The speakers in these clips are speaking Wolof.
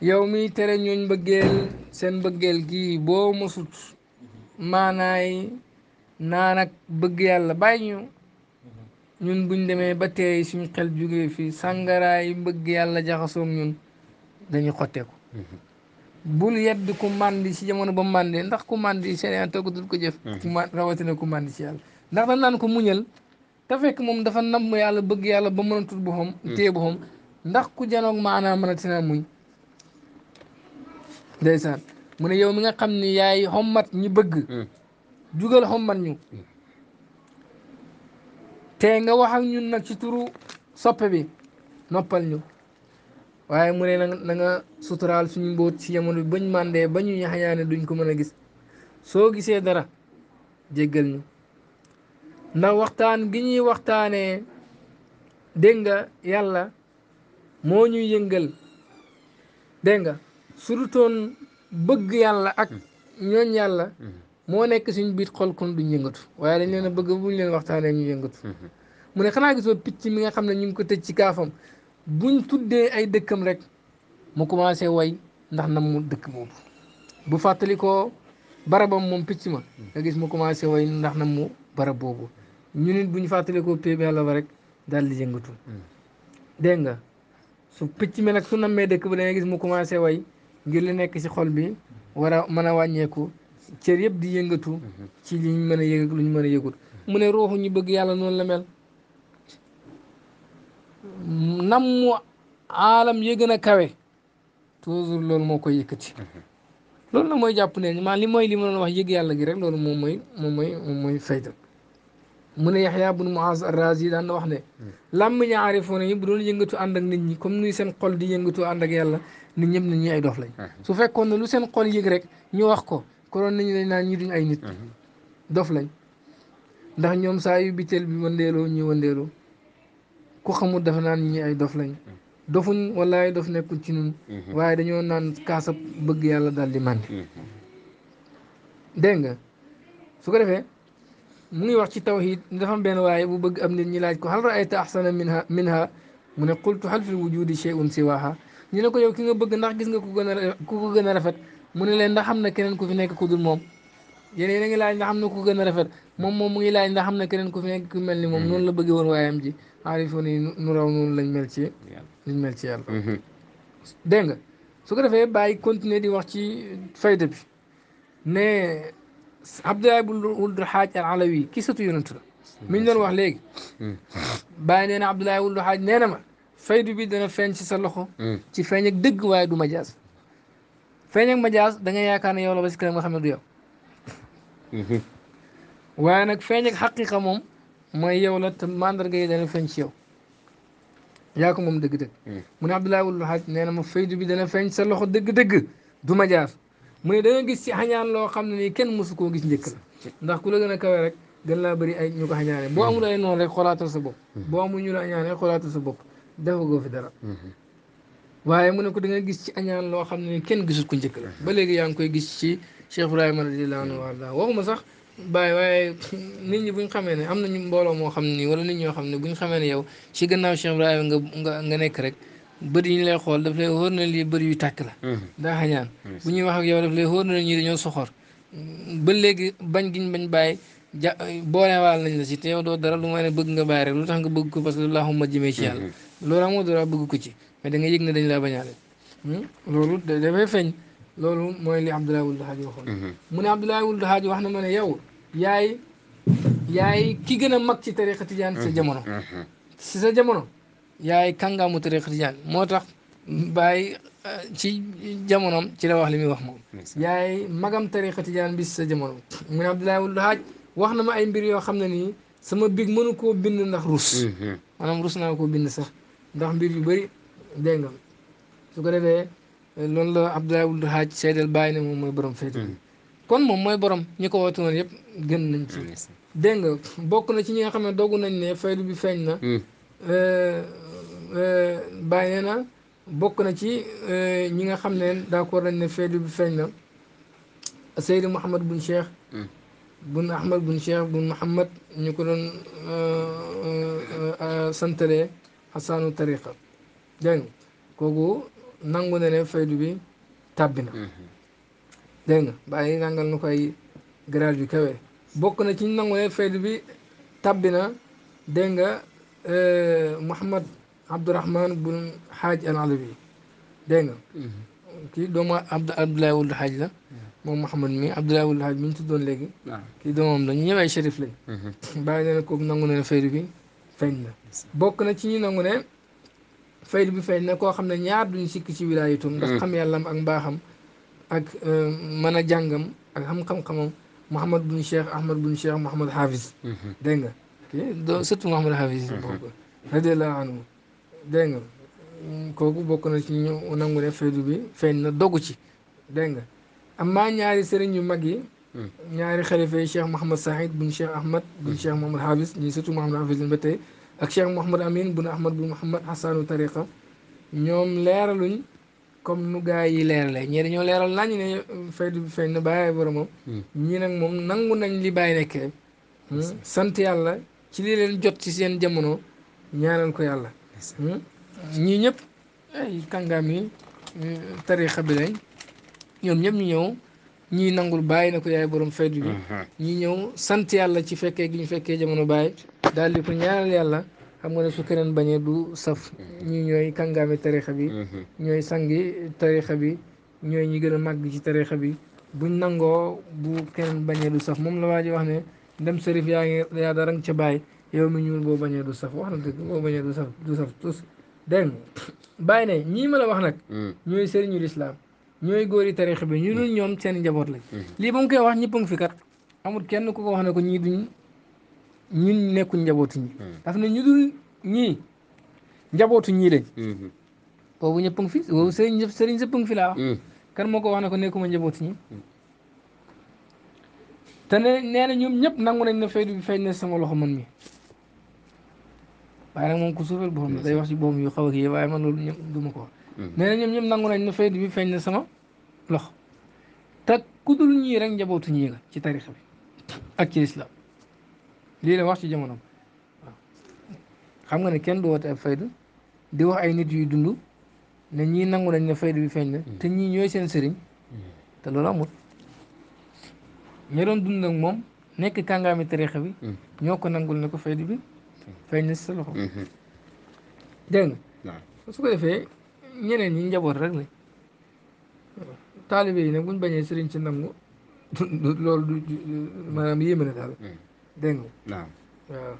yow mi tere ñooñ bëggeel seen bëggeel gii boo mosut maanaay naan ak bëgg yàlla bàyyi ñu ñun buñ demee ba teey suñu xel jógee fii sàngaraay bëgg yàlla jaxasoog ñun dañu xotteeku bul yedd ku màndi ci jamono ba màndee ndax ku màndi seen toggatul ko jëf mm-hmm. rawatine ku màndi ci yàlla ndax dañ naan ko muñal te fekk moom dafa namm yàlla bëgg yàlla ba mënatul boppam mm-hmm. téye boppam ndax ku janoog maanaam mënatina muñ ndeysaan mu ne yow mi nga xam ni yaay xommat ñi bëgg hmm. jugal xommat ñu hmm. te nga wax ak ñun nag ci turu soppe bi noppal ñu waaye mu ne na nga suturaal suñu mbóot ci jamono bi bañ màndee ba ñu yaxañaane duñ ko mën a gis soo gisee dara jéggal ñu ndax waxtaan gi ñuy waxtaanee dégg nga yàlla moo ñuy yëngal dégg nga su dutoon bëgg yàlla ak ñooñ yàlla moo nekk suñ biit xol kon duñ yëngatu waaye dañ leen a bëgg bu buñ leen waxtaanee ñu yëngatu mu ne xanaa gisoo picc mi nga xam ne ñu ngi ko tëj ci kaafam buñ tuddee ay dëkkam rek mu commencé way ndax na mu dëkk boobu bu fàttali ko barabam moom picc ma gis mu commencé way ndax nam mu barab boobu ñu nit bu ñu fàttali ko péeb yàlla ba rek daal di yëngatu mm. dégg nga su picc mi nag su nammee dëkk ba da gis mu commencé way ngir li nekk ci xol bi war a mën a wàññeeku cër yëpp di yëngatu ci liñ mën a yëg luñ mën a mu ne ruuxu ñu bëgg yàlla noonu la mel nam mu aalam ya gën a kawe toujours loolu moo koy yëkkati loolu nag mooy jàpp ne maa li mooy li ma doon wax yëg yàlla gi rek loolu moom mooy moom mooy moom mooy fayda mu ne yaxya bun muaz arrazi daan wax ne hmm. làmmiñ aarifoon yi bu doon yëngatu ànd ak nit ñi comme nuy seen xol di yëngatu ànd ak yàlla nit ñëpp nit ñi ay dof lañ su fekkoon ne lu seen xol yëg rek ñu wax ko koroon nañu dañ naan ñi duñ ay nit dof lañ ndax ñoom saa yu biteel bi wëndeeloo ñi wëndeeloo ku xamul dafa naan ñi ay dof lañ dofuñ wallaay dof nekkul ci ñun waaye dañoo naan kaasab bëgg yàlla daal di màndi dégg nga su ko defee mu ngi wax ci tawhid dafa am benn waaye bu bëgg am nit ñi laaj ko hal raayta ahsana minha minha mu ne qultu hal fi wujudi shay'un siwaha ñu ne ko yow ki nga bëgg ndax gis nga ku gën a ko gën a rafet mu ne leen ndax xam na keneen ku fi nekk ku dul moom yéen yéen a laaj ndax xam na ku gën a rafet moom moom mu ngi laaj ndax xam na keneen ku fi nekk ku mel ni moom mm-hmm. noonu la bëggee woon waayam ji aarifoon yi nu raw noonu lañ mel ci liñ mel ci yàlla mm-hmm. dégg nga su ko defee bàyyi continuer di wax ci fayda bi ne Abdoulaye bul wuldu xaaj al alawi ki sëtu yonentu la mm-hmm. mi ñu wax léegi bàyyi nee na Abdoulaye wuldu xaaj nee na ma faydu bi dana feeñ ci sa loxo. Mm. ci feeñ dëgg waaye du majaas. feeñ ak majaas da nga yaakaar ne yow la ba si kanam nga xam ne du yow. Mm-hmm. waaye nag feeñ ak xaqiqa moom mooy yow la te mandarga yi dana feeñ ci yow. yaa moom dëgg-dëgg. Mm. mu ne Abdoulaye la Hadj nee na ma faydu bi dana feeñ sa loxo dëgg-dëgg du majaas mu ne da nga gis ci xañaan loo xam ne nii kenn mosu koo gis njëkk la ndax ku la gën a rek gën laa bëri ay ñu ko xañaane boo mm. amul ay noonu rek xolaatal sa bopp. boo amul ñu la xañaane xoolaatal sa bopp. defagoo fi dara. waaye mu ne ko dangay gis ci añaan loo xam ne kenn gisul ko njëkk la ba léegi yaa ngi koy gis ci Cheikh Ibrahima radiyallahu anhu warda waxuma sax bàyyi waaye nit ñi bu ñu xamee ne am nañu mbooloo moo xam ni wala nit ñoo xam ne buñ ñu xamee ne yow ci gannaaw Cheikh Ibrahima nga nga nga nekk rek bëri yi ñu lay xool daf lay wóor na lii bëri yu tàkk la mm-hmm. daa xañaan bu ñuy wax ak yow daf lay na ñi dañoo soxor ba léegi bañ giñ bañ bàyyi ja boolewaal nañ la ci te yow doo dara lu may ne bëgg nga bàyyi rek lu tax nga bëgg ko parce que allahumma jëmee ci yàlla mm-hmm. loolu amoo dara bëgg ko ci mais da nga yëg ne dañ laa bañaale hmm? loolu dafay feeñ loolu mooy li Abdoulaye Wuld Haaji waxoon mm-hmm. mu ne Abdoulaye Wuld Haaji wax na ma ne yaw yaay yaay ki gën a mag ci tariqa tijaan jaan sa mm-hmm. jamono si sa jamono yaay kàngaamu tariqa tijaan moo tax bàyyi eh, ci jamonoom ci la wax li muy wax moom yaay magam tariqa tijaan bi si sa jamono mu ne Abdoulaye Wuld wax na ma ay mbir yoo xam ne nii sama big mënu koo bind ndax rus mm-hmm. maanaam rus naa koo bind sax ndax mbir yu bari dégg nga su ko defee loolu la Abdoulaye Wuld Haaj seedal bàyyi ne moom mooy borom fayda mm-hmm. kon moom mooy borom ñi ko woote woon yëpp gën nañ ci dégg nga bokk na ci ñi nga xam ne doogu nañ ne faydu bi feeñ na mm. euh, euh, bàyyi na bokk na ci euh, ñi nga xam ne d'accord nañ ne faydu bi feeñ na Seydou Mouhamed bun Cheikh mm. bun ahmad bun cheikh bun muhammad ñu ko doon euh, euh, euh, santalee xasaanu tariqa dégg nga kooku nangu na ne faydu bi tàbbi na mhm. dégg nga bàyyi nangal nu koy grade yu kawe bokk na ci ñu nangu ne faydu bi tàbbi na dégg nga muhammad abdourahman bun xaaj al alawi dégg nga mhm. kii doomu abd abdoulaye xaaj la mhm. moom Mouhamad mi Abdoulaye Wul Hadj mi ñu tuddoon léegi. waaw ah. kii doomam la ñu ñëw ay shérif lañ. Mhm. bàyyi na ko kooku nangu na ne faydu bi feeñ na. bokk na ci ñu nangu ne faydu bi feeñ na koo xam ne ñaar duñ sikk ci wilaayatum. ndax mhm. xam yàllam ak mbaaxam ak euh, mën a jàngam ak xam-xam-xamam Mouhamad bun Cheikh Ahmad bun Cheikh Mouhamad Hafiz. Mhm. dégg bi feeñ na dogu ci am maa ñaari sëriñ yu mag yi hmm. ñaari xalifa yi cheikh Mouhamad Saïd buñ cheikh Ahmad buñ hmm. cheikh Mouhamad Habis ñii surtout Mouhamad Habis ba tey ak cheikh Mouhamad Amin buñ Ahmad bu Mouhamad Hassanu Tariqa ñoom leeraluñ comme nu gaa yi leeralee ñii dañoo leeral nañ ne fay du fay na bàyyi boromam. Hmm. ñii nag moom nangu nañ li bàyyi nekkee. sant yàlla ci li leen jot ci seen jamono ñaanal ko yàlla. ñii ñëpp ay kàngaam eh, tariqa bi lañ. ñoom ñëpp ñu ñëw ñii nangul bàyyi na ko yaay borom faydu bi mhm. ñi ñëw sant yàlla ci fekkee gi ñu fekkee jamono bàyyi daal di ko ñaanal yàlla xam nga ne su keneen bañee du saf mhm. ñii ñooy kàngaami tarixa bi mhm. ñooy sangi tarixa bi ñooy ñi gën a màgg ci tarixa bi buñ nangoo bu keneen bañee du saf moom la waa ji wax ne dem sërif yaa ngi yaa dara nga ca bàyyi yow mi ñuul boo bañee du saf wax na dëgg boo bañee du saf du saf tous bàyyi ne ñii ma la wax nag ñooy sëriñu lislaam ñooy góori tariix bi ñu dul ñoom seen njaboot lañ. Mm-hmm. lii ba mu koy wax ñëpp a ngi fi kat amul kenn ku ko wax ne ko ñii duñ ñun nekkuñ njabootu ñi. Mm-hmm. ne ñu dul ñii njabootu ñii lañ. Mm-hmm. boobu ñëpp a ngi fi boobu sëriñ sëriñ ñëpp a kan moo ko wax ne ko nekkuma njaboot ñi. te ne nee na ñoom ñëpp nangu nañ ne faydu bi feeñ sama loxo man mi waaye nag moom ku suufeel boppam day wax ci boppam yu xaw a kii waaye man loolu ñëpp du ma ko nee na ñoom ñoom nangu nañ ne fayda bi feeñ na sama loxo te ku dul ñii rek njabootu ñii la ci tarixa bi ak ci islam lii la wax ci jamono waaw xam nga ne kenn du woote ak fayda di wax ay nit yuy dund na ñii nangu nañ ne fayda feeñ na te ñii ñooy seen sëriñ te loolu amul ña doon dund moom nekk kàngaami tarixa bi ñoo ko nangul fayda bi feeñ na si sa loxo mm-hmm. dégg nga su ko defee ñeneen ñi njaboot rek lañ taalibe yi nag buñ bañee sëriñ si nangu loolu du maanaam yéeme na daal hmm. dégg nga waaw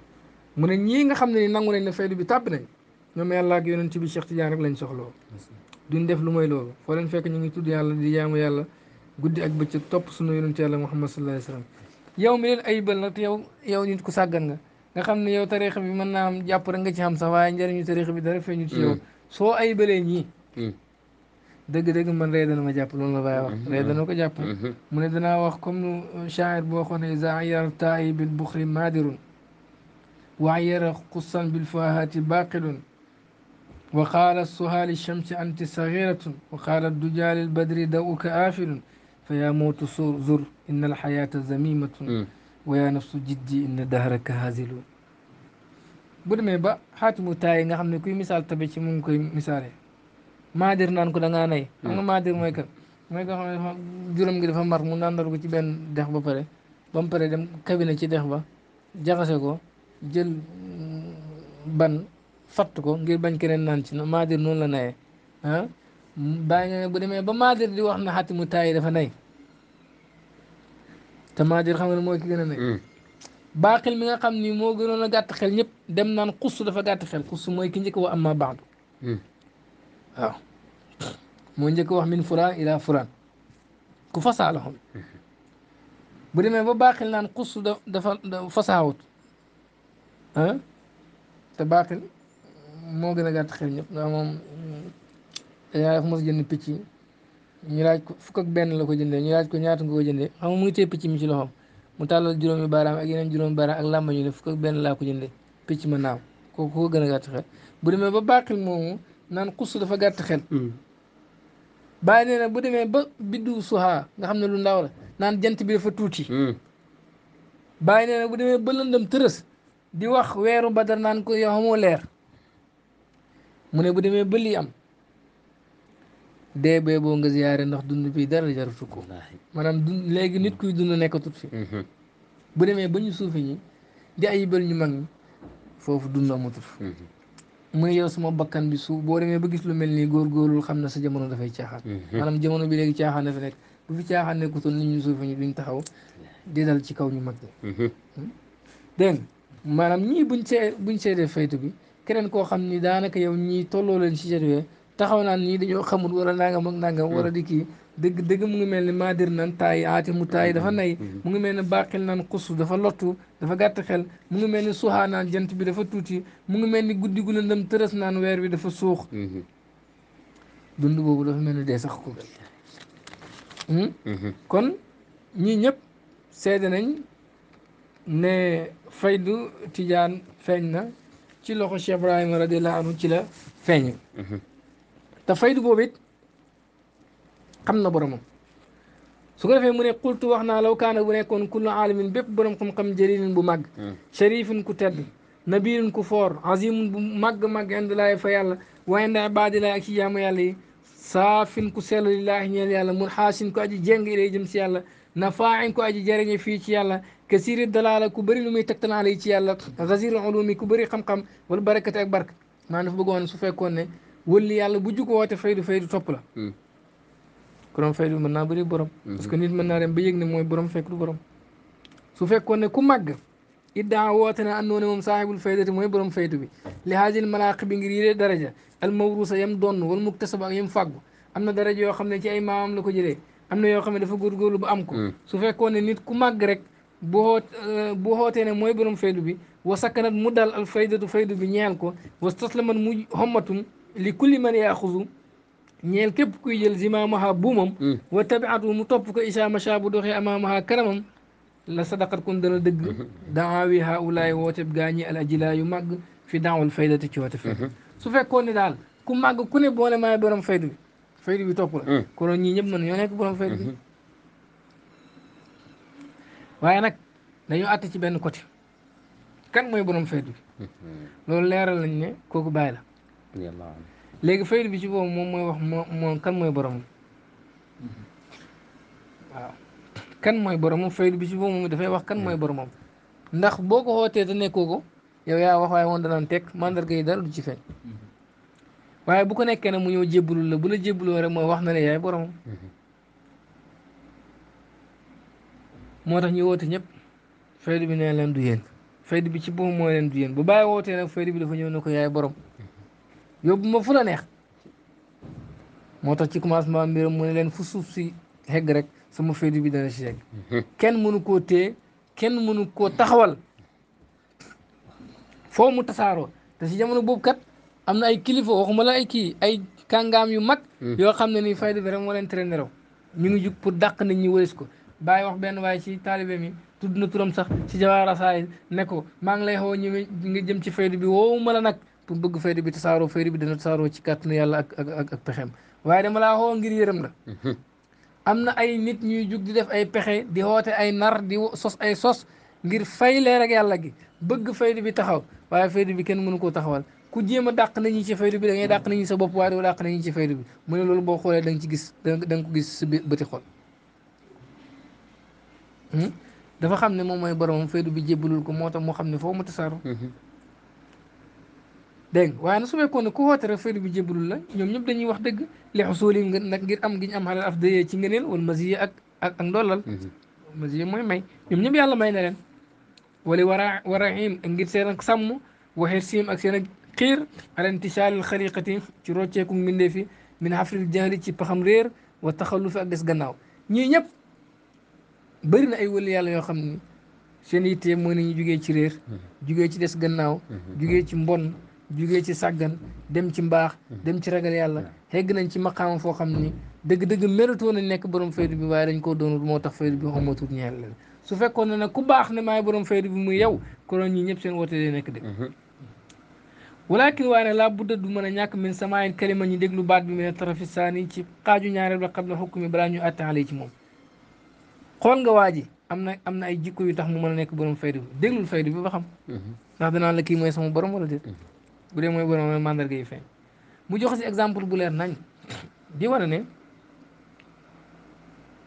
mu ne ñii nga xam ne ni nangu nañ ne faydu bi tàbb nañ ñoom yàlla ak yonent bi Cheikh Tidiane rek lañ soxloo duñ def lu mooy loolu foo leen fekk ñu ngi tudd yàlla di jaamu yàlla guddi ak bëccëg topp sunu yonent yàlla Muhammad sallallahu alayhi wasallam yow mi leen ayibal nag yow yow nit ku sàggan nga nga xam ne yow tariixa bi mën naa am jàpp rek nga ci xam sax waaye njëriñu tariixa bi dara feeñu ci yow hmm. soo ay balee nii deug dëgg-dëgg man reey dana ma jàpp loolu la bay wax reey dana ko jàpp mu ne danaa wax comme nu shaacir boo waxoon ne isa bil bukhri madir wa yara qussan bil fahati baqil wa qaala suhaali shams anti sagiratun wa qala ad-dujal al-badri dawuka afil fa ya yaa sur zur inna alxayaata zamimah wa ya nafsu jiddi inna dahraka haazilun bu demee ba xaatimu taay nga xam ne kuy misaal tabe ci mu ngi koy misaale maadir naan ko da nay xam nga hmm. maadir mooy kan mooy ko xam ne juróom gi dafa mar mu nàndal ko ci benn dex ba pare ba mu pare dem kabine ci dex ba jaxase ko jël mm, ban fatt ko ngir bañ keneen naan ci maadir noonu la nayee ah nga ne bu demee ba maadir di wax na xaatimu taay dafa nay te maadir xam nga ne mooy ki gën a nay hmm. باقي من قام ني مو غنو لا غات خيل نيب دم نان قص دا فا غات خيل قص موي كي نيك و اما بعد واو مو نيك واخ آه. من فران الى فران كو فصالهم بو ديمي با باقي نان قص دا فا فصاوت ها آه. تا باقي مو غنا غات خيل نيب دا موم يا خمس جن بيتي ñu laaj ko fukk ak benn la ko jëndee ñu laaj ko ñaata nga ko jëndee xam nga mu mu tàllal juróomi baaraam ak yeneen juróomi baaraam ak làmbañu ne fukk ak benn laa ko jënde picc ma naaw kooku ko gën a gàtt xel bu demee ba bàqil moomu naan xuss dafa gàtt xel mm. bàyyi na bu demee ba biddu suhaa nga xam ne lu ndaw la naan jant bi dafa tuuti mm. bàyyi nee na bu demee ba lëndëm tërës di wax weeru badar naan ko yow amoo leer mu ne bu demee ba lii am dee bee boo nga ziyaare ndax dund bi dara jaratu ko maanaam dund léegi nit kuy dund nekkatut fi mhm. bu demee ba ñu suuf suufi ñi di ayibal ñu mag ñi foofu dund amatul mhm. mu ne yow sama bakkan bi suuf boo demee ba gis lu mel nii góorgóorlu xam na sa jamono dafay caaxaan mhm. maanaam jamono bi léegi caaxaan dafa nekk bu fi caaxaan nekkutoon nit ñu suufi ñi duñ taxaw di dal ci kaw ñu mag ñi hmm? dégg maanaam ñii buñ see buñ seedee faytu bi keneen koo xam ni daanaka yow ñii tolloo leen ci jatwee taxaw naan ñii dañoo xamul wala a ak nangam wala di kii dëgg dëgg mu ngi mel ni maadir nan taay aati mu taay dafa nay mm-hmm. mu ngi mel ni baqil nan xus dafa lottu dafa gàtt xel mu ngi mel ni suxaa naan jant bi dafa tuuti mu ngi mel ni guddi gu lëndëm tërës naan weer bi dafa suux mm-hmm. dund boobu dafa mel ni dee sax ko hmm? mm-hmm. kon ñii ñëpp seede nañ ne fay faydu tijaan feeñ na ci loxo Cheikh Ibrahima radiallahu anhu ci la feeñ te faydu boobu it xam na boromam su ko defee mu ne qultu wax naa law kaana bu nekkoon kullu aalimin bépp borom xam-xam jëriñin bu màgg sharifin ku tedd nabirin ku foor azimun bu màgg-màgg indilaayi fa yàlla wa inda ibaadilaay ak ci jaamu yàlla yi saafin ku sell lillaahi ñeel yàlla mun xaasin ku aji jéng ilay jëm si yàlla nafaain ku aji jariñe fii ci yàlla kasiri dalaala ku bëri lu muy tegtal ala yi ci yàlla gazir ulumi ku bëri xam-xam wala barakate ak barke maa dafa bëggoon su fekkoon ne wëlli yàlla bu jug woote faydu faydu topp la korom hmm. faydu mën naa bëri borom hmm. parce que nit mën naa dem ba yëg ne mooy borom fekk du borom ne ku màgg iddaa woote na andoona moom saahibul mooy borom faydu bi li haajil malaaq bi ngir yidee daraja al mawrusa yam donn wal muktasab ak yam fàggu am na daraja yoo xam ne ci ay maamam la ko jëlee am yoo xam ne dafa góorgóorlu ba am ko hmm. ne nit ku màgg rek bu xoot euh, bu ne mooy borom faydu bi wa sakkanat mu dal al faydatu faydu bi ñeel ko wa taslaman hommatum لكل من ياخذ نيل كيب كوي جيل زمامها بومم وتبعت مو توب كو ايشا مشا امامها كرمم لا صدقه كون دنا دغ دعاوي هؤلاء ووتب غاني الاجلا يمغ في دعوى الفايده تي واتف سو فيكوني دال كو ماغ كوني بول ما بروم فايد فايد بي توب كون ني نيب من يونيك بروم فايد واي نك دانيو اتي سي بن كوتي كان موي بروم فايد لول ليرال نني كوكو بايلا radiyallahu anhu léegi fayil bi ci boobu moom mooy wax moo moom kan mooy boromam waaw kan mooy boromam fayil bi ci boobu moom dafay wax kan mooy hmm. boromam ndax boo ko xootee te nekkoo ko yow yaa wax waaye woon danaan teg mandarga yi dara du ci feeñ hmm. waaye bu ko nekkee nag mu ñëw jébbalul la bu la jébbaloo rek mooy wax na ne yaay boromam hmm. moo tax ñu woote ñëpp faydu bi nee leen du yéen faydu bi ci boobu mooy leen du yéen bu bàyyi wootee nag faydu bi dafa ñëw ne ko yaay borom yóbbu ma fu la neex moo tax ci commencement mbiram mu ne leen fu suuf si hegg rek sama féetu bi dana si hegg mhm. kenn mënu koo téye kenn mënu koo taxawal foo mu tasaaroo te si jamono boobu kat am na ay kilifa waxuma la kii ay kàngaam yu mag mhm. yoo xam ne nii fayda moo leen traîné raw ñu ngi jug pour dàq nit ñi wëris ko bàyyi wax benn waaye ci taalibe mi tudd na turam sax ci jawaara saay ne ko maa ngi lay xoo ñëwee nga jëm ci faydu bi woowu ma la nag bu bëgg fayda bi tasaaroo fayda bi dina tasaaroo ci kàttanu yàlla ak ak ak pexem waaye dama laa xoo ngir yërëm la mhm. am na ay nit ñuy jug di def ay pexe di woote ay nar di sos ay sos ngir fay leer ak yàlla gi bëgg fayda bi taxaw waaye fayda bi kenn mënu koo taxawal ku jéem a dàq nañu ci fayda bi da ngay dàq nañu sa bopp waaye doo dàq nañu ci fayda bi mu loolu boo xoolee danga nga ci gis da ko gis sa bëti xol hmm? dafa xam ne moom mooy boromam fayda bi jébbalul ko moo tax moo xam ne foo mu tasaaru mhm. deng nga waaye nag su fekkoon ne ku woote rek bi jébbalul la ñoom ñëpp dañuy wax dëgg li xusuul nak ngir am giñ am xalal af de ci ngëneel wala masiya ak ak ak ndollal masiya mooy may ñoom ñëpp yàlla may na leen wala wara waraim ngir seen ak sàmm waxee siim ak seen ak xiir ala al xaliqati ci rocceeku minde fi min xafril jahli ci paxam réer wa taxalufi ak des gannaaw ñii ñëpp bëri na ay wëli yàlla yoo xam ne seen yitte mooy nañu jugee ci réer jugee ci des gannaaw jugee ci mbon jugee ci sàggan dem ci mbaax hmm. dem ci ragal yàlla hmm. xegg nañ ci maqaama foo xam ni dëgg-dëgg méritoo nañ nekk borom faydu bi waaye dañ koo doonul moo tax faydu bi xamatul ñeel leen su fekkoon ne nag ku baax ne maay borom faydu bi muy yow konoon ñi ñëpp seen woote day nekk dëgg hmm. walakin waaye nag laa budda du mën a ñàkk min samaayin kalima ñi déglu baat bi mine tarafi saani ci xaaju ñaareel ba xam ne xukk mi balaa ñu attaale ci moom xool nga waa ji am na am na ay jikko yu tax mu mën a nekk borom faydu bi déglul faydu bi ba xam ndax danaan la kii mooy sama borom wala déet bu dee mooy borom mooy mandarga yi feeñ mu joxe si exemple bu leer nañ di wane ne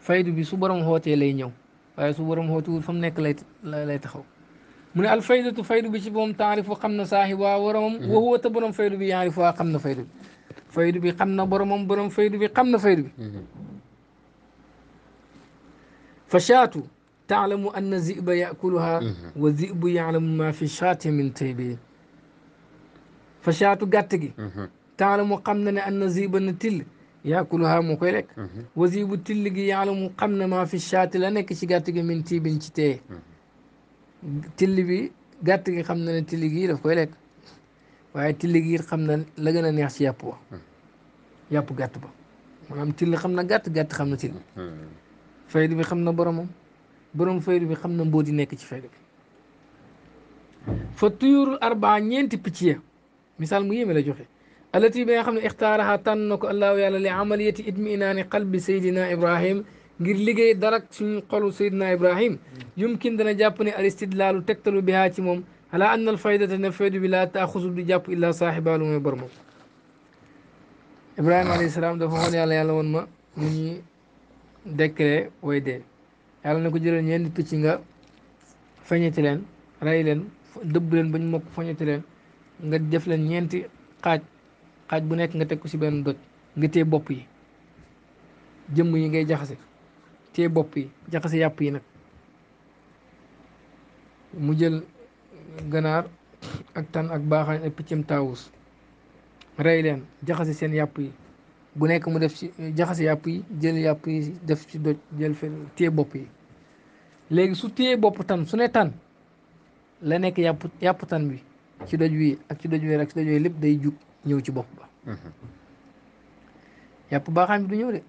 faydu bi su borom xootee lay ñëw waaye su borom xootuwul fa mu nekk lay lay taxaw mu ne al faydatu faydu bi ci moom taarifu xam na saaxibaa boromam wa huwa ta borom faydu bi yaari waa xam na faydu bi faydu bi xam na boromam borom faydu bi xam na faydu bi fa shaatu taalamu anna ziba yakuluha wa zibu yaalamu ma fi shaati min taybi فشاتو غاتغي تعلم قمنا ان زيب نتل ياكلها مكلك وزيب تلغي يعلم قمنا ما في الشات لانك شي غاتغي من تي بنتي تلبي غاتغي خمنا تلغي داف كوي لك واي تلغي خمنا لا غنا نيا سي يابو يابو غاتبا مام تلي خمنا غات غات خمنا تلي فايد بي خمنا بروم بروم فايد بي خمنا مبودي نيك سي فايد فطيور اربع نينتي بيتيه مثال مهم لا جوخي التي بها خمنا اختارها تنك الله يعلى لعملية إدمئنان قلب سيدنا إبراهيم غير لغي درك سن قول سيدنا إبراهيم يمكن دنا جابني الاستدلال تقتل بها تموم على أن الفائدة نفيد بلا تأخذ بجاب إلا صاحب علومي برمو إبراهيم عليه السلام دفعون يعلى يعلى ونما مني دكرة ويدة يعلى نكو جرن يندي تشنغ فنيتلين رأيلين دبلين بنمو فنيتلين nga def leen ñeenti xaaj xaaj bu nekk nga teg ko ci benn doj nga téye bopp yi jëmm yi ngay jaxase téye bopp yi jaxase yàpp yi nag mu jël ganaar ak tan ak baaxaañ ak piccam taawus rey leen jaxase seen yàpp yi bu nekk mu def ci jaxase yàpp yi jël yàpp yi def ci doj jël fe téye bopp yi léegi su téye bopp tan su ne tàn la nekk yàpp yàpp tan bi ci doj wi ak ci doj wi ak ci doj wi lépp day jug ñëw ci bopp ba mm-hmm. yàpp baaxaam bi du ñëw de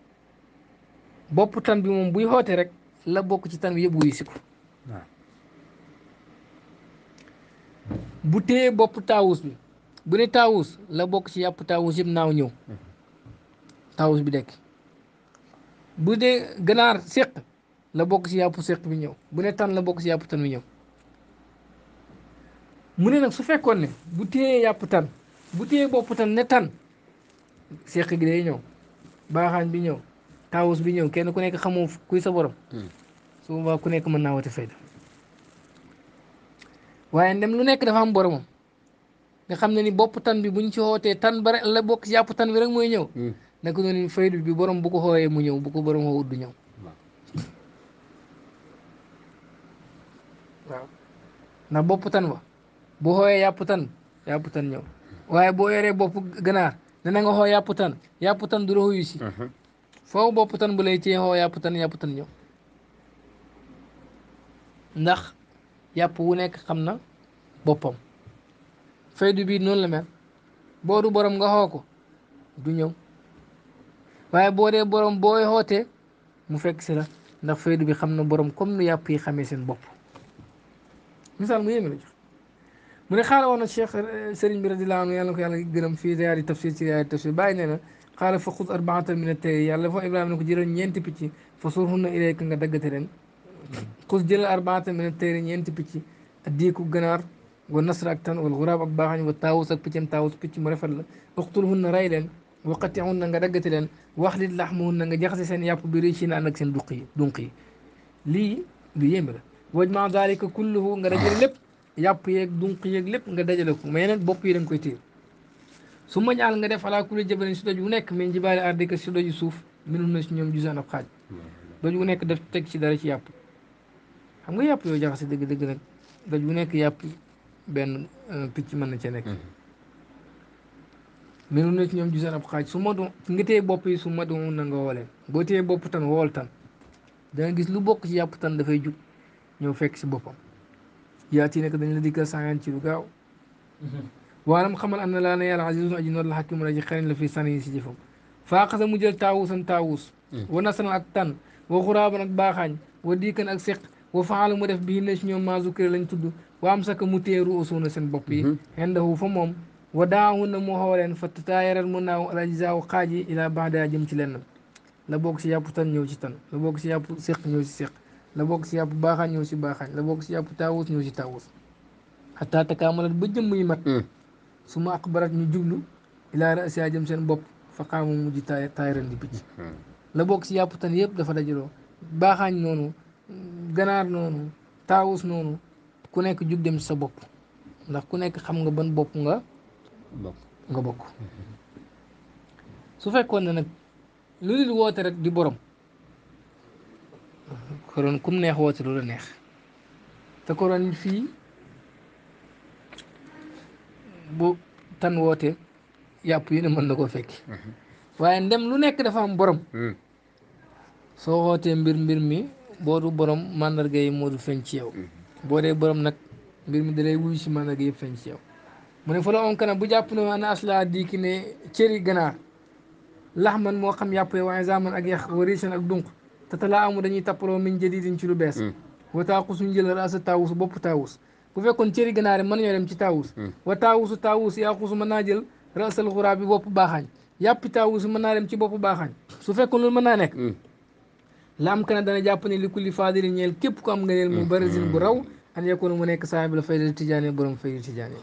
bopp tan bi moom buy xoote rek la bokk ci tan bi yëpp wuyu si ko ah. bu téye bopp taawus bi bu ne taawus la bokk ci yàpp taawus yëpp naaw ñëw mm-hmm. taawus bi dekk bu dee ganaar séq la bokk ci yàpp séq bi ñëw bu ne tan la bokk ci yàpp tan bi ñëw mu ne nag su fekkoon ne bu téyee yàpp tan bu téyee bopp tan ne tan seq gi day ñëw baaxaañ bi ñëw taawus bi ñëw kenn ku nekk xamoo kuy sa borom hmm. su boobaa ku nekk mën naa wati fayda waaye ndem lu nekk dafa am boromam nga xam ne ni bopp tan bi buñ ci xootee tan bare la bokk yàpp tan bi rek mooy ñëw hmm. naka noonu faydu bi borom bu ko xooyee mu ñëw bu ko borom xoo uddu ñëw waaw ndax bopp tan wa boo xooyee yàpp tan yàpp tan ñëw waaye boo yoree bopp ganaar ne na nga xoo yàpp tan yàpp tan du la xuyu si uh-huh. foofu bopp tan bu lay téye xoo yàpp tan yàpp tan ñëw ndax yàpp wu nekk xam na boppam faydu bii noonu la mel boo du borom nga xoo ko du ñëw waaye boo dee borom booy xootee mu fekk si la ndax faydu bi xam na boroom comme nu yàpp yi xamee seen bopp misaal mu yéeme la من خال وانا الشيخ سرين بن رضي الله عنه يالله يالله جرم في ريال تفسير في ريال تفسير باين لنا قال فخذ أربعة من التي يالله فو إبراهيم نكو جيرو نينتي بيتي فصورهن إليك نغا دغترين خذ جل أربعة من التي نينتي بيتي أديكو غنار ونصر أكتن والغراب أكباغن والتاوس أكبتن تاوس بيتي مرفر اقتلهن رايلن وقتعون نغا دغترين واخلد لحمهن نغا جخسي سين يابو بريشين أنك سين دقي دنقي لي بيامل واجمع ذلك كله نغا رجل yàpp yeeg dunq yeeg lépp nga dajale ko mais nag bopp yi da koy téye suma ma nga def alaa kulli jabalin si doj wu nekk min jibaali ardika si doju suuf minum na si ñoom jusaan ab xaaj doj wu nekk def teg ci dara ci yàpp xam nga yàpp yoo jaxase dëgg-dëgg nag doj wu nekk yàpp benn euh, picc mën na cee nekk mm-hmm. minum na si ñoom jusaan ab xaaj su ma doon nga téye bopp yi su ma doon na nga wooleen boo téye bopp tan wool tan danga gis lu bokk ci yàpp tan dafay jug ñëw fekk si boppam yaa ci nekk dañ la dikkal sàngaan ci lu gaaw waalam xamal an na laa ne yàlla azizun aji noor la xakimun aji xereñ la fii sànni si jëfam faa xasa mu jël taawusan taawus hmm. wa nasan ak tan wa xuraaban ak baaxaañ wa diikan ak seq wa faala mu def bii ne si ñoom maasu kër lañ tudd wa am saka mu téeru usuuna seen bopp yi xendahu hmm. fa moom wa daawun na mu xoo leen fa tataayaral mu naaw alajzaaw xaaj yi ilaa baax daa jëm ci lenn la bokk si yàpp tan ñëw ci tan la bokk si yàpp seq ñëw ci seq lebok siap baha ñu ci baha lebok siap tawus ñu ci tawus hatta takamala ba jëm yi mat hmm. suma akbarat ñu jublu ila ra'si ajam sen bop fa qamu mu ji tayran di bicc hmm. lebok siap tan yeb dafa dajilo baha nonu ganar nonu tawus nonu ku nek jug dem sa bop ndax ku nek xam nga ban bop nga bok nga bok su fekkone nak lu di wote rek di borom koroon kum neex woote lu la neex te koroon fii bu tan woote yàpp yi ne mën na koo fekki waaye ndem lu nekk dafa am borom soo wootee mbir mbir mi boo du borom màndarga yi moo du feeñ ci boo dee borom nag mbir mi dalay wuyu si màndarga yëpp feeñ ci yow ne fa la on kana bu jàpp ne ana asla di ki ne cëri ganaar laxman moo xam yàpp waaye zaman ak yàq warisan ak dunq te talaa amu dañuy tappaloo min jadidin ci lu bees hmm. wa taaqus ñu jël raasa taawus bopp taawus bu fekkoon cëri ganaar yi mën ñoo dem ci taawus hmm. wa taawusu taawus yaaqusu man naa jël raasal xuraa bi bopp baaxaañ yàppi taawus mën naa dem ci bopp baaxaañ su fekkoon loolu mën naa nekk hmm. la am kana dana jàpp ne li kulli faadili ñeel képp ku am ngëneel mu barazin bu raw an yakoon mu nekk saabi la fayda tijaani borom fayda tijaani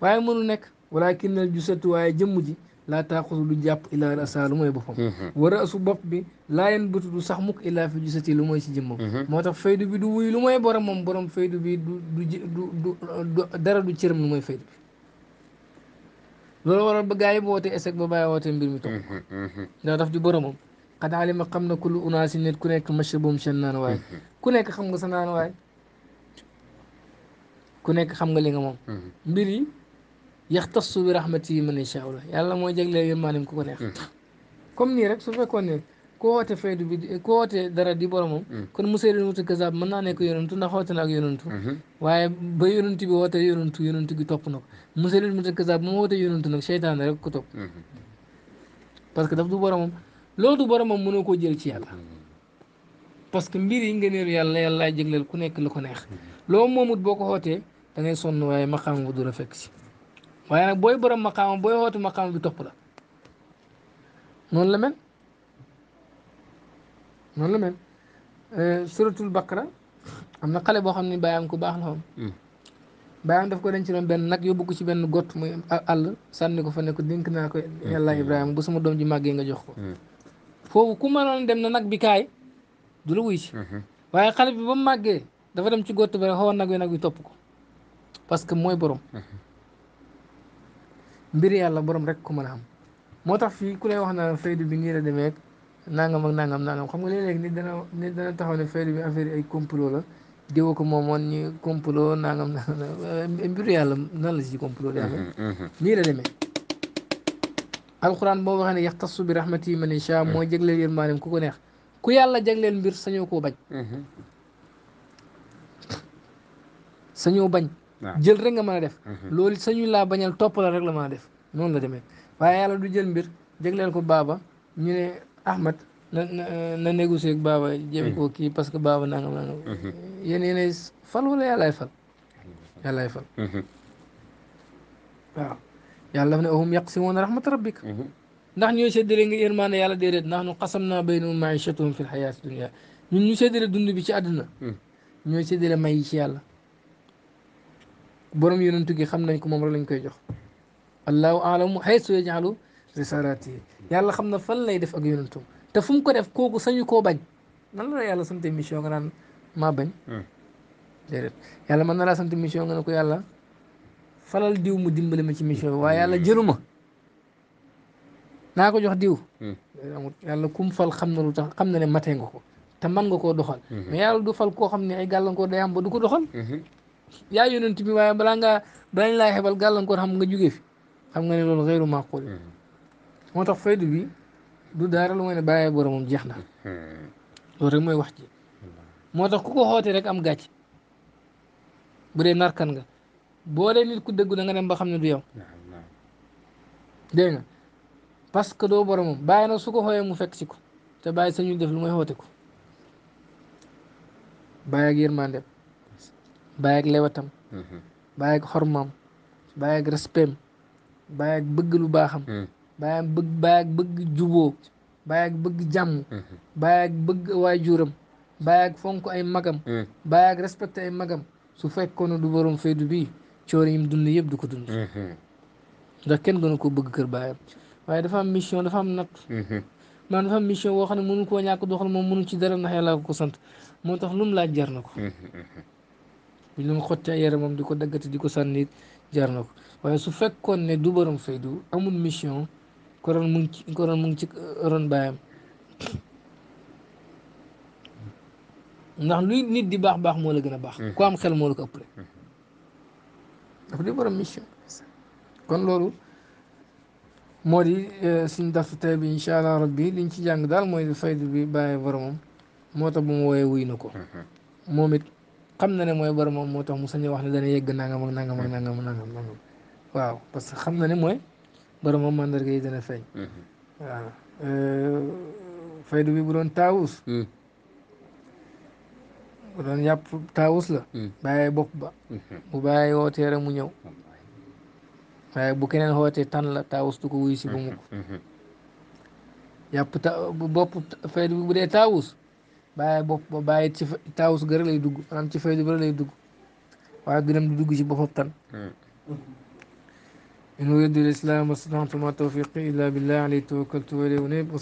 waaye mënu nekk walakin nal jusatu waaye jëmm ji laa taaxusu du jàpp illaa rasa lu mooy boppam mhm. wa rasu bopp bi laa yen butu du sax mukk illaa fi ti lu mooy ci jëmmam mhm. moo tax faydu bi du wuy lu mooy borom moom borom faydu bi du du dara du cëram lu mooy faydu bi war waral ba gars yi bu wootee échec ba bàyyi wootee mbir mi toog mhm, ndax daf di boromam xad alima xam na kullu unaasi nit ku nekk mashrabum seen naan ku nekk xam nga sa naan waay ku nekk xam nga li nga moom mbir yi yaxtasu bi rahmatihi man yashaa yàlla mooy jagleel yërmaanim ku ko neex comme nii rek su fekkoon ne ku woote faydu bi ku woote dara di boromam kon monsieur den mutu kazab mën naa nekk yonantu ndax woote na ak yonantu waaye ba yonantu bi woote yonantu yonantu gi topp na ko monsieur den mutu kazab moom woote yonantu nag seytaane rek ko topp parce que daf du boromam loolu du boromam mënoo koo jël ci yàlla parce que mbir yi nga neelu yàlla yàlla jagleel ku nekk lu ko neex loo moomut boo ko wootee da ngay sonn waaye maqaam wu du la fekk si waaye nag booy borom maqaama booy woote maqaama bi topp la noonu la mel noonu la eh, am na kale boo xam ne bàyyam ko baax la woon hmm. bàyyam daf ko denc doon benn nag yóbbu ko ci benn gott muy àll sànni ko fa ne ko naa ko hmm. yàlla ibrahima bu sama doom ji màggee nga jox ko hmm. foofu ku mënoon dem na nag bi kaay du waaye xale bi ba mu màggee dafa dem ci gott ba rek xawoon nag wi nag topp ko parce que mooy borom mbiri yàlla borom rek ko mën a xam moo tax fii ku lay wax naan faydu bi nii la demee nangam ak nangam nangam xam nga léeg-léeg nit dana nit dana taxaw ne faydu bi affaire ay complot la diwa ko moomoon ñu complot nangam nangam mbiru yàlla nan la si complot yàlla nii la demee alquran boo waxee ne yaxtasu bi rahmati man yasha mooy jagleel yërmaandeem ku ko neex ku yàlla jagleel mbir sañoo koo bañ sañoo bañ jël rek nga mën a def mhm. loolu sañu laa bañal topp la rek la mën def noonu la demee waaye yàlla du jël mbir jagleel ko baaba ñu ne Ahmad na na négocier ak baaba jëm koo mhm. kii parce que baaba nangam nangam mhm. yéen yéenay fal wala yàllaay fal yàllaay fal waaw yàlla daf ne ahum yaqsimuuna rahmata rabbik ndax ñooy séddale nga yërmaande yàlla déedéet ndax nu xasam naa baynahum maichatahum fi l xayaati dunia ñun ñu séddale dund bi ci àdduna ñooy séddale may yi ci yàlla borom yonent gi xam nañ ko moom rek lañ koy jox allahu alamu haysu yaj'alu risalati yàlla xam na fan lay def ak yonentum te fu mu ko def kooku sañu koo bañ nan la yàlla sant mission nga naan maa bañ hmm. déedéet na sant mission nga ne ko yàlla falal mu dimbali ma ci mission waaye yàlla jëlu ma naa ko jox diw hmm. yàlla kum fal xam na lu tax xam na ne matee nga ko te man nga koo doxal hmm. mais yàlla du fal koo xam ne ay gàllankoor day am ba du ko doxal yaa yonent bi waaye balaa ngaa balaa ñu laa xebal gàllankoor xam nga jugee fi xam nga ne loolu xëyru maqul hmm. moo tax faydu bi du dara lu mooy ne bàyyee boromam jeex na hmm. loolu mooy wax ji moo tax ku ko xootee rek am gàcc bu dee narkan nga boo dee nit ku dëggu da nga dem ba xam ne du yow dégg nga parce que doo boromam bàyyi nag su ko xooyee mu fekk si ko te bàyyi ñu def lu mooy xoote ko bàyyi ak yërmande bàyyi ak lewatam mhm. bàyyi ak xormam bàyyi ak respect bàyyi bëgg lu baaxam mhm. bàyyi ak bëgg bàyyi ak bëgg juboo bàyyi bëgg jàmm mhm. bàyyi ak ak fonk ay magam bàyyi ak respecté ay magam su fekkoon ne du borom faydu bii coori yim dund yëpp du ko dund ndax kenn gënu ko bëgg kër baayam waaye dafa mission dafa am natt man dafa am mission boo xam ne mënu koo ñàkk doxal moom mënu ci dara ndax yàlla ko sant moo tax lu mu laaj jar na ko bu ñu doon xotti yere yaramam di ko daggati di ko sànni jar na ko waaye su fekkoon ne du borom faydu amul mission koroon mu ngi ci koroon mu ngi ci euh, ron baayam ndax luy nit di baax baax moo la gën a baax. ko am xel moo la ko ëppale. dafa di mission. kon loolu moo di euh, suñu daf tey bi incha allah rabbi liñ ci jàng daal mooy faydu bi bàyyi boromam moo tax mu wooyee wuy na ko mm-hmm. moom it. xam na ne mooy boromam moo tax mu sañ wax ne dana yegg nangam ak nangam ak nangam nangam nangam waaw parce que xam na ne mooy boromam mandarga yi dana feeñ. Mhm. waaw euh, faydu bi bu doon taawus. Mhm. bu doon yàpp taawus la. Mhm. bàyyi bopp ba. bu bàyyi wootee rek mu ñëw. waaye bu keneen xootee tan la ko wuy bàyyi bopp ba bàyyi ci taawus gërë lay dugg maanaam ci faydu gërë lay dugg waaye du dem di dugg ci boppam tan hmm. in uriidu l-islaaha mastata'tu wa maa tawfiiqii illaa billaah alayhi tawakkaltu wa ilayhi uniib